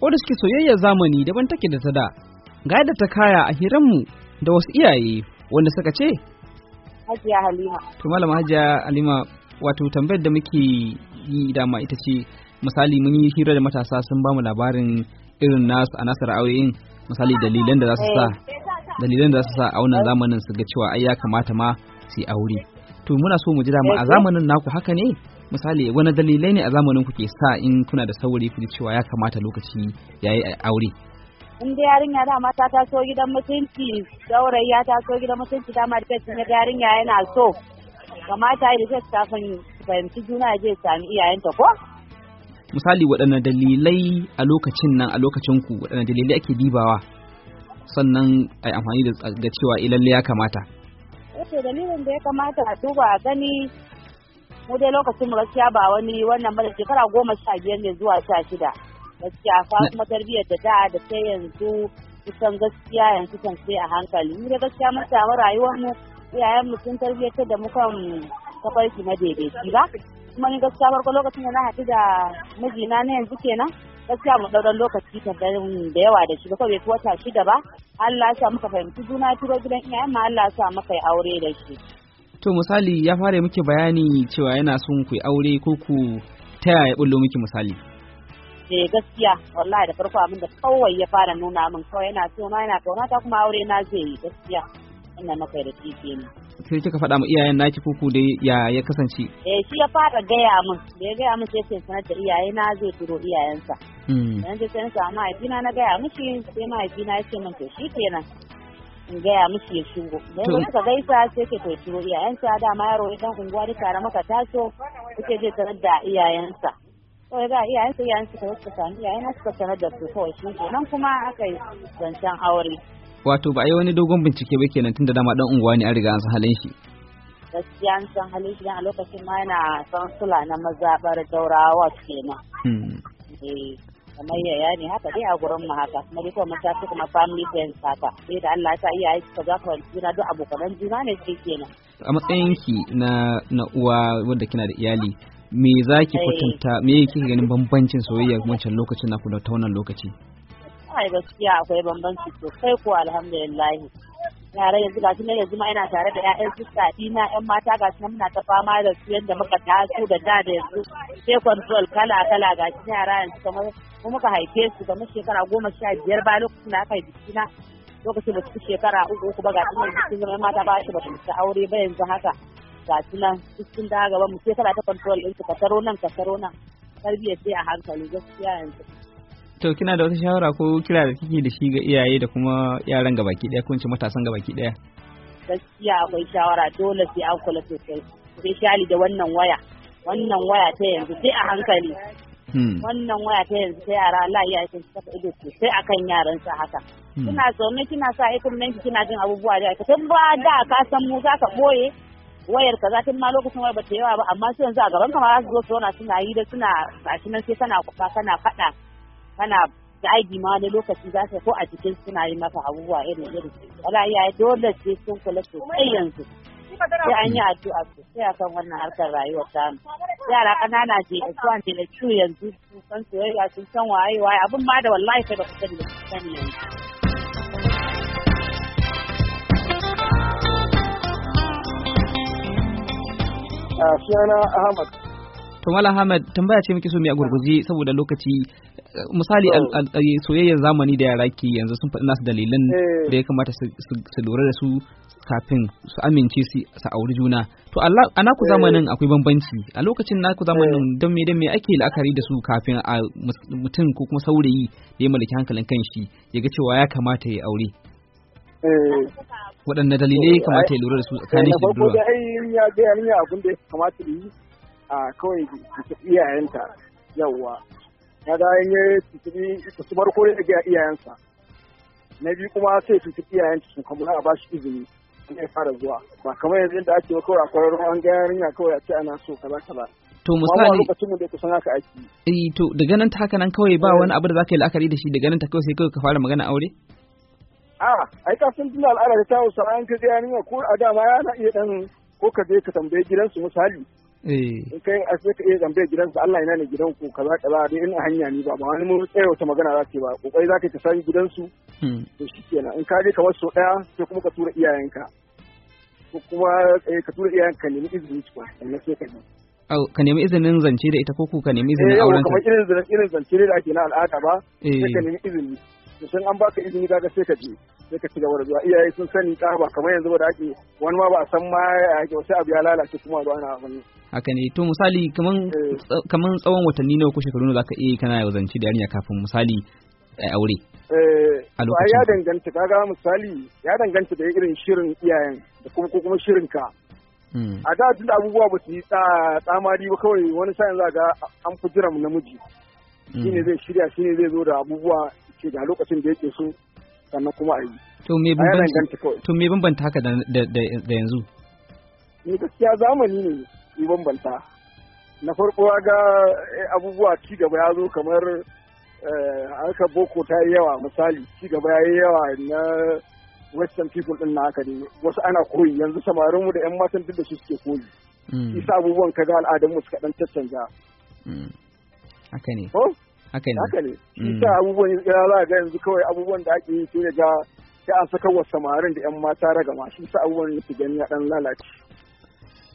ko da suke soyayya zamani daban take da ta da ga yadda ta kaya a hiranmu da wasu iyaye wanda suka ce Hajiya Halima to malama Hajiya Halima wato tambayar da muke yi dama ita ce misali mun yi hira da matasa sun bamu labarin irin nasu a nasara ra'ayoyin misali dalilan da za su sa dalilan da za su sa a wannan zamanin su ga cewa ai ya kamata ma su yi aure to muna so mu ji dama a eh, eh. zamanin naku haka ne misali wani dalilai ne a zamanin kuke sa in kuna da sauri ku cewa ya kamata lokaci yayi aure in da yarinya dama ta taso gidan mutunci saurayi ya taso gidan mutunci dama da kai na yarinya yana so kamata ya da kafin fahimci juna je sami iyayenta ko misali waɗanne dalilai a lokacin nan a lokacin ku waɗanne dalilai ake dibawa sannan a amfani da cewa ilalle eh, ya kamata. Wato eh, dalilin da ya kamata a duba a gani mu dai lokacin mu gaskiya ba wani wannan ba da shekara goma sha biyar ne zuwa sha shida gaskiya fa kuma tarbiyyar da da da sai yanzu kusan gaskiya yanzu kan sai a hankali mu dai gaskiya mun samu rayuwar mu iyayen mu sun tarbiyyar da mu kan tafarki na daidaici ba kuma ni gaskiya farko lokacin da na haɗu da mijina na yanzu kenan gaskiya mu ɗauran lokaci ta da yawa da shi ba kawai wata shida ba Allah ya sa muka fahimci juna turo gidan iyayen mu Allah ya sa muka yi aure da shi to misali ya fara muke bayani cewa yana son ku aure ko ku ta yaya bullo miki misali eh gaskiya wallahi da farko abin da kawai ya fara nuna min kawai yana so na yana kauna ta kuma aure na zai yi gaskiya ina na kai da kike ne sai kika faɗa ma iyayen naki ku da ya ya kasance eh shi ya fara gaya min da ya gaya min sai sai sanar da iyaye na zai turo iyayensa dan hmm. sai sai na samu mahaifina na gaya mishi sai mahaifina ya ce min to shi kenan in gaya musu ya shigo yanzu ka gaisa sai ke ta shigo iyayensa dama yaro idan unguwa da tare maka taso kuke je sanar da iyayensa kawai ga iyayensa iyayensa ka suka sani iyayen suka sanar da su kawai shi nan kuma aka yi zancen aure wato ba a yi wani dogon bincike ba kenan tunda dama dan unguwa ne an riga an san halin shi gaskiya an san halin shi a lokacin ma yana son sula na mazabar daurawa kenan hmm. eh. kamar yaya ne haka dai a gurin mu haka kuma dai kuma ta kuma family friends haka sai da Allah ta iyaye zaka wani juna duk abokan juna ne sai kenan a matsayinki na na uwa wanda kina da iyali me za ki eh. kwatanta me kike ganin bambancin soyayya wancan lokacin na ku da ta wannan lokaci ai gaskiya akwai bambanci sosai ko alhamdulillah yaran yanzu gashi nan yanzu ma ina tare da ƴaƴan sista dina ƴan mata gashi nan muna ta fama da su yanda muka taso da da da yanzu sai control kala kala gashi yara yanzu kamar mu muka haife su kamar shekara goma sha biyar ba lokacin da aka yi bikina lokacin da su shekara uku uku ba gashi nan sun zama mata ba su ba su aure ba yanzu haka gashi nan sun da gaba mu shekara ta control ɗin su ka taro nan ka taro nan tarbiyyar sai a hankali gaskiya yanzu to kina da wata shawara ko kira da kike da shi ga iyaye da kuma yaran gabaki daya ko matasan gabaki daya gaskiya akwai shawara dole sai an kula sosai shali da wannan waya wannan waya ta yanzu sai a hankali hmm. wannan waya ta yanzu ta yara Allah ya yi ta ido sosai akan yaran sa haka hmm. kina zaune kina sa ikon nan kina jin abubuwa da ka tun ba da ka san mu za ka boye wayar ka za ta ma lokacin wayar ba ta yawa ba amma su yanzu a gaban ka ma za su zo su zauna suna yi da suna gashi nan sai kana kuka kana faɗa kana ID ma wani lokaci za ka ko a cikin suna yi maka abubuwa irin irin wala iyaye dole sai sun kula kai yanzu sai an yi addu'a sosai a kan wannan harkar rayuwar tamu yara ƙanana je a zuwa da su yanzu sun san soyayya sun san waye waye abin ma da wallahi sai ba ku sani da ku sani yanzu sunana Ahmad. Tumala Ahmad tambaya ce muke so mu a gurguzi saboda lokaci misali eh, soyayyar zamani da yara ke yanzu sun faɗi nasu dalilan eh. da ya kamata su lura da su kafin su amince su auri juna to a naku eh. zamanin akwai bambanci a lokacin naku zamanin don me don me ake la'akari da su kafin a mutum ko kuma saurayi da ya mallaki hankalin kan shi ya ga cewa ya kamata ya aure waɗanne dalilai ya kamata ya lura da su tsakanin shi da budurwa da ai ya yi kawai iyayenta yawwa kaga in ya tuntubi su farko ne ga iyayensa na biyu kuma sai tuntubi iyayensa, sun kuma a bashi izini. izini ne fara zuwa ba kamar yanzu da ake kawai a kwararru an ga yarinya kawai a ce ana so kaza kaza to misali lokacin da kusan haka ake eh to daga nan ta haka nan kawai ba eh. wani abu da zaka yi la'akari da shi daga nan ta kawai sai kawai ka fara magana aure a ai ka san tun al'ada ta Hausa an ka ga ko a dama na iya dan ko ka je ka tambaye gidansu misali Eh. in kai a sai ka iya zambe gidansa Allah yana ne gidanku kaza kaza dai ina hanya ni ba ba wani mun tsaya wata magana za ka ba kokari za ka tafi gidansu hmm. to shikenan in ka je kamar so daya sai kuma ka tura iyayenka ko kuma eh, ka tura iyayenka nemi izini kuma sannan sai ka je Au, ka nemi izinin zance da ita ko ku ka nemi izinin auren ka Eh, kamar irin zance da ake na al'ada ba, sai ka eh. nemi izini. sun an baka izini kaga sai ka je sai ka ci gaba da zuwa iyaye sun sani ka ba kamar yanzu ba da ake wani ma ba a san ma ake wasu abu ya lalace kuma ba ana amfani haka ne to misali eh. kaman tsawon watanni nawa ko shekaru nawa zaka iya kana yazanci da yarinya kafin misali aure eh, a lokacin ya danganta kaga misali ya danganta da irin shirin iyayen da kuma ko kuma shirin ka hmm. a da tun abubuwa ba su yi tsamari ba kawai wani sa'in za ga an fi jiran namiji hmm. shine zai shirya shine zai zo da abubuwa ce da lokacin da yake so sannan kuma a yi. To me bambanta haka da yanzu? Ni gaskiya zamani ne ya bambanta. Na farko ga eh, abubuwa ci gaba ya zo kamar eh, aka boko ta yi yawa misali ci gaba ya yi yawa na western people din na haka ne wasu ana koyi yanzu samarin mu da yan matan duk da su suke koyi. Hmm. Isa abubuwan kaga al'adun mu suka dan caccanja. Hmm. Haka ne. Oh? haka ne haka ne shi mm. sa abubuwan ya za ga yanzu kawai abubuwan da ake yi sai ga sai an saka wa samarin da yan mata ragama shi sa abubuwan yake gani ya dan lalace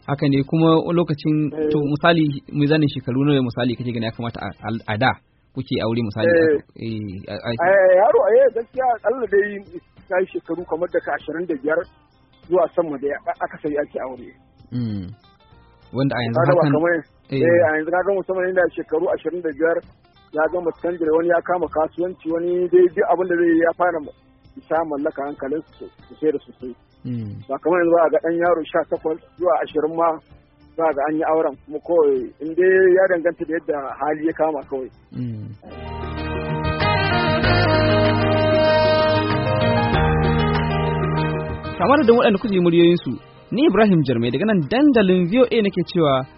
haka ne kuma lokacin eh. to misali mizanin shekaru nawa misali kake gani ya kamata a da kuke aure misali eh. Eh, yaro a yi gaskiya akalla dai ta yi shekaru kamar daga ashirin da biyar zuwa sama da aka sai ake aure mm. wanda a yanzu hakan eh a yanzu kaga musamman yana shekaru ashirin da biyar ya zama canjin wani ya kama kasuwanci wani dai duk abin da zai ya fara isa mallaka hankalin su sai da sai hmm. ba kamar yanzu a ga dan yaro sha takwas zuwa ashirin ma ba ga an yi auren kuma kawai in dai ya danganta da yadda hali ya kama kawai hmm. kamar da waɗanda kuke muryoyinsu ni Ibrahim Jarmai daga nan dandalin VOA nake cewa